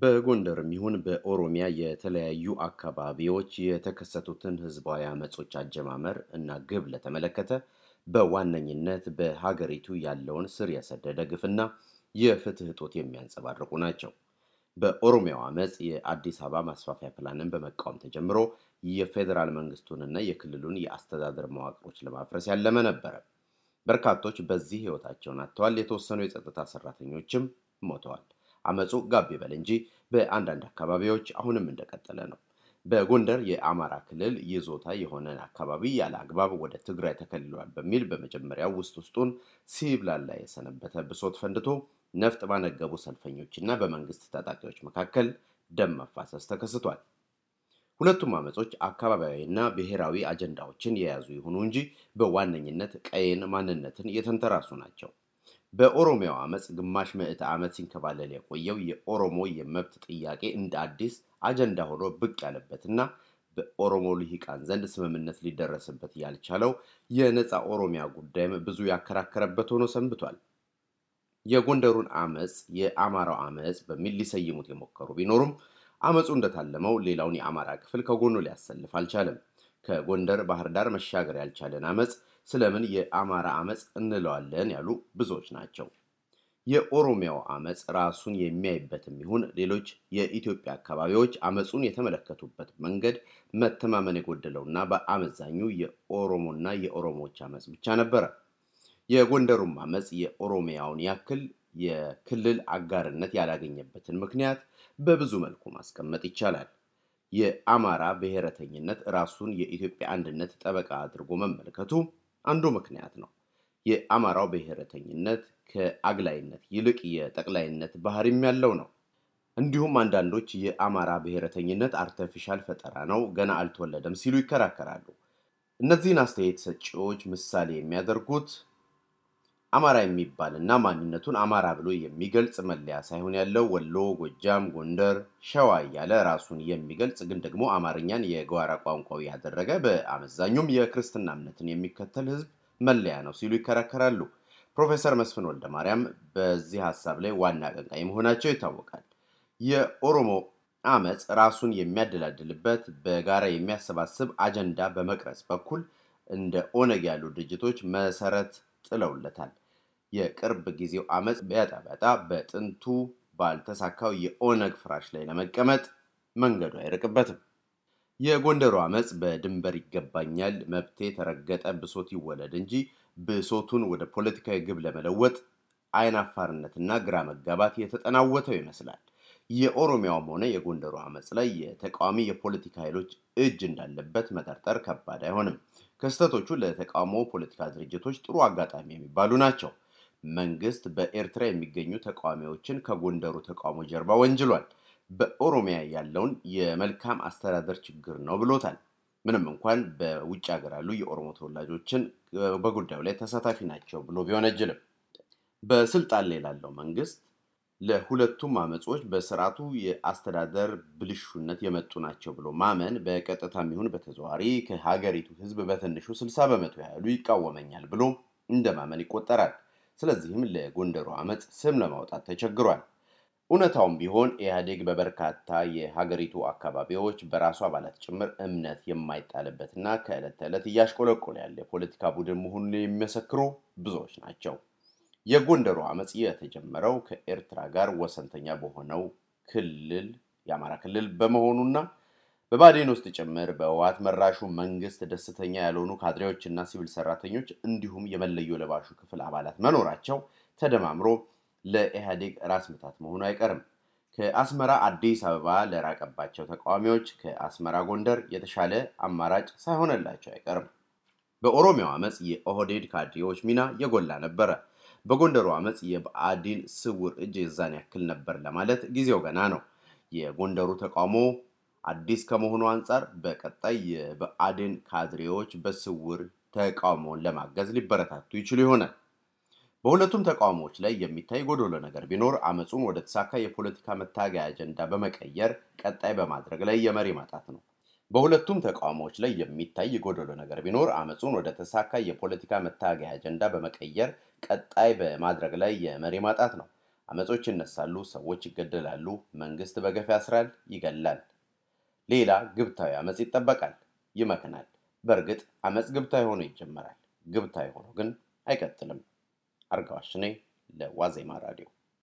በጎንደርም ይሁን በኦሮሚያ የተለያዩ አካባቢዎች የተከሰቱትን ህዝባዊ አመጾች አጀማመር እና ግብ ለተመለከተ በዋነኝነት በሀገሪቱ ያለውን ስር የሰደደ ግፍና የፍትህ እጦት የሚያንጸባርቁ ናቸው። በኦሮሚያው አመፅ የአዲስ አበባ ማስፋፊያ ፕላንን በመቃወም ተጀምሮ የፌዴራል መንግስቱንና የክልሉን የአስተዳደር መዋቅሮች ለማፍረስ ያለመ ነበረ። በርካቶች በዚህ ህይወታቸውን አጥተዋል። የተወሰኑ የጸጥታ ሰራተኞችም ሞተዋል። አመፁ ጋብ ይበል እንጂ በአንዳንድ አካባቢዎች አሁንም እንደቀጠለ ነው። በጎንደር የአማራ ክልል ይዞታ የሆነን አካባቢ ያለ አግባብ ወደ ትግራይ ተከልሏል በሚል በመጀመሪያው ውስጥ ውስጡን ሲብላላ የሰነበተ ብሶት ፈንድቶ ነፍጥ ባነገቡ ሰልፈኞችና በመንግስት ታጣቂዎች መካከል ደም መፋሰስ ተከስቷል። ሁለቱም አመጾች አካባቢያዊና ብሔራዊ አጀንዳዎችን የያዙ ይሁኑ እንጂ በዋነኝነት ቀይን ማንነትን የተንተራሱ ናቸው። በኦሮሚያው አመፅ ግማሽ ምዕተ ዓመት ሲንከባለል የቆየው የኦሮሞ የመብት ጥያቄ እንደ አዲስ አጀንዳ ሆኖ ብቅ ያለበትና በኦሮሞ ልሂቃን ዘንድ ስምምነት ሊደረስበት ያልቻለው የነፃ ኦሮሚያ ጉዳይም ብዙ ያከራከረበት ሆኖ ሰንብቷል። የጎንደሩን አመፅ የአማራው አመፅ በሚል ሊሰይሙት የሞከሩ ቢኖሩም አመፁ እንደታለመው ሌላውን የአማራ ክፍል ከጎኑ ሊያሰልፍ አልቻለም። ከጎንደር ባህር ዳር መሻገር ያልቻለን አመፅ ስለምን የአማራ አመፅ እንለዋለን ያሉ ብዙዎች ናቸው። የኦሮሚያው አመፅ ራሱን የሚያይበትም ይሁን ሌሎች የኢትዮጵያ አካባቢዎች አመፁን የተመለከቱበት መንገድ መተማመን የጎደለውና በአመዛኙ የኦሮሞና የኦሮሞዎች አመፅ ብቻ ነበረ። የጎንደሩም አመፅ የኦሮሚያውን ያክል የክልል አጋርነት ያላገኘበትን ምክንያት በብዙ መልኩ ማስቀመጥ ይቻላል። የአማራ ብሔረተኝነት ራሱን የኢትዮጵያ አንድነት ጠበቃ አድርጎ መመልከቱ አንዱ ምክንያት ነው። የአማራው ብሔረተኝነት ከአግላይነት ይልቅ የጠቅላይነት ባህሪም ያለው ነው። እንዲሁም አንዳንዶች የአማራ ብሔረተኝነት አርተፊሻል ፈጠራ ነው፣ ገና አልተወለደም ሲሉ ይከራከራሉ። እነዚህን አስተያየት ሰጪዎች ምሳሌ የሚያደርጉት አማራ የሚባል እና ማንነቱን አማራ ብሎ የሚገልጽ መለያ ሳይሆን ያለው ወሎ፣ ጎጃም፣ ጎንደር፣ ሸዋ እያለ ራሱን የሚገልጽ ግን ደግሞ አማርኛን የጓራ ቋንቋው ያደረገ በአመዛኙም የክርስትና እምነትን የሚከተል ህዝብ መለያ ነው ሲሉ ይከራከራሉ። ፕሮፌሰር መስፍን ወልደ ማርያም በዚህ ሀሳብ ላይ ዋና አቀንቃኝ መሆናቸው ይታወቃል። የኦሮሞ አመፅ ራሱን የሚያደላድልበት በጋራ የሚያሰባስብ አጀንዳ በመቅረጽ በኩል እንደ ኦነግ ያሉ ድርጅቶች መሰረት ጥለውለታል። የቅርብ ጊዜው አመፅ ቢያጣ በጥንቱ ባልተሳካው የኦነግ ፍራሽ ላይ ለመቀመጥ መንገዱ አይርቅበትም። የጎንደሩ አመፅ በድንበር ይገባኛል፣ መብቴ ተረገጠ፣ ብሶት ይወለድ እንጂ ብሶቱን ወደ ፖለቲካዊ ግብ ለመለወጥ አይናፋርነትና ግራ መጋባት የተጠናወተው ይመስላል። የኦሮሚያውም ሆነ የጎንደሩ አመፅ ላይ የተቃዋሚ የፖለቲካ ኃይሎች እጅ እንዳለበት መጠርጠር ከባድ አይሆንም። ክስተቶቹ ለተቃውሞ ፖለቲካ ድርጅቶች ጥሩ አጋጣሚ የሚባሉ ናቸው። መንግስት በኤርትራ የሚገኙ ተቃዋሚዎችን ከጎንደሩ ተቃውሞ ጀርባ ወንጅሏል። በኦሮሚያ ያለውን የመልካም አስተዳደር ችግር ነው ብሎታል። ምንም እንኳን በውጭ ሀገር ያሉ የኦሮሞ ተወላጆችን በጉዳዩ ላይ ተሳታፊ ናቸው ብሎ ቢወነጅልም በስልጣን ላይ ላለው መንግስት ለሁለቱም አመጾች በስርዓቱ የአስተዳደር ብልሹነት የመጡ ናቸው ብሎ ማመን በቀጥታም ይሁን በተዘዋሪ ከሀገሪቱ ህዝብ በትንሹ ስልሳ በመቶ ያህሉ ይቃወመኛል ብሎ እንደ ማመን ይቆጠራል። ስለዚህም ለጎንደሩ ዓመፅ ስም ለማውጣት ተቸግሯል። እውነታውም ቢሆን ኢህአዴግ በበርካታ የሀገሪቱ አካባቢዎች በራሱ አባላት ጭምር እምነት የማይጣልበትና ከዕለት ተዕለት እያሽቆለቆለ ያለ የፖለቲካ ቡድን መሆኑን የሚመሰክሩ ብዙዎች ናቸው። የጎንደሩ አመፅ የተጀመረው ከኤርትራ ጋር ወሰንተኛ በሆነው ክልል የአማራ ክልል በመሆኑና በባዴን ውስጥ ጭምር በህወሓት መራሹ መንግስት ደስተኛ ያልሆኑ ካድሬዎችና ሲቪል ሰራተኞች እንዲሁም የመለዮ ለባሹ ክፍል አባላት መኖራቸው ተደማምሮ ለኢህአዴግ ራስ ምታት መሆኑ አይቀርም። ከአስመራ አዲስ አበባ ለራቀባቸው ተቃዋሚዎች ከአስመራ ጎንደር የተሻለ አማራጭ ሳይሆንላቸው አይቀርም። በኦሮሚያው አመፅ የኦህዴድ ካድሬዎች ሚና የጎላ ነበረ። በጎንደሩ አመፅ የብአዴን ስውር እጅ የዛን ያክል ነበር ለማለት ጊዜው ገና ነው። የጎንደሩ ተቃውሞ አዲስ ከመሆኑ አንጻር በቀጣይ የብአዴን ካድሬዎች በስውር ተቃውሞውን ለማገዝ ሊበረታቱ ይችሉ ይሆናል። በሁለቱም ተቃውሞዎች ላይ የሚታይ ጎዶሎ ነገር ቢኖር አመፁን ወደ ተሳካ የፖለቲካ መታገያ አጀንዳ በመቀየር ቀጣይ በማድረግ ላይ የመሪ ማጣት ነው። በሁለቱም ተቃውሞዎች ላይ የሚታይ ጎዶሎ ነገር ቢኖር አመፁን ወደ ተሳካ የፖለቲካ መታገያ አጀንዳ በመቀየር ቀጣይ በማድረግ ላይ የመሪ ማጣት ነው። አመጾች ይነሳሉ፣ ሰዎች ይገደላሉ፣ መንግስት በገፍ ያስራል፣ ይገላል። ሌላ ግብታዊ አመፅ ይጠበቃል። ይመክናል። በእርግጥ አመፅ ግብታዊ ሆኖ ይጀመራል። ግብታዊ ሆኖ ግን አይቀጥልም። አርጋዋሽኔ ለዋዜማ ራዲዮ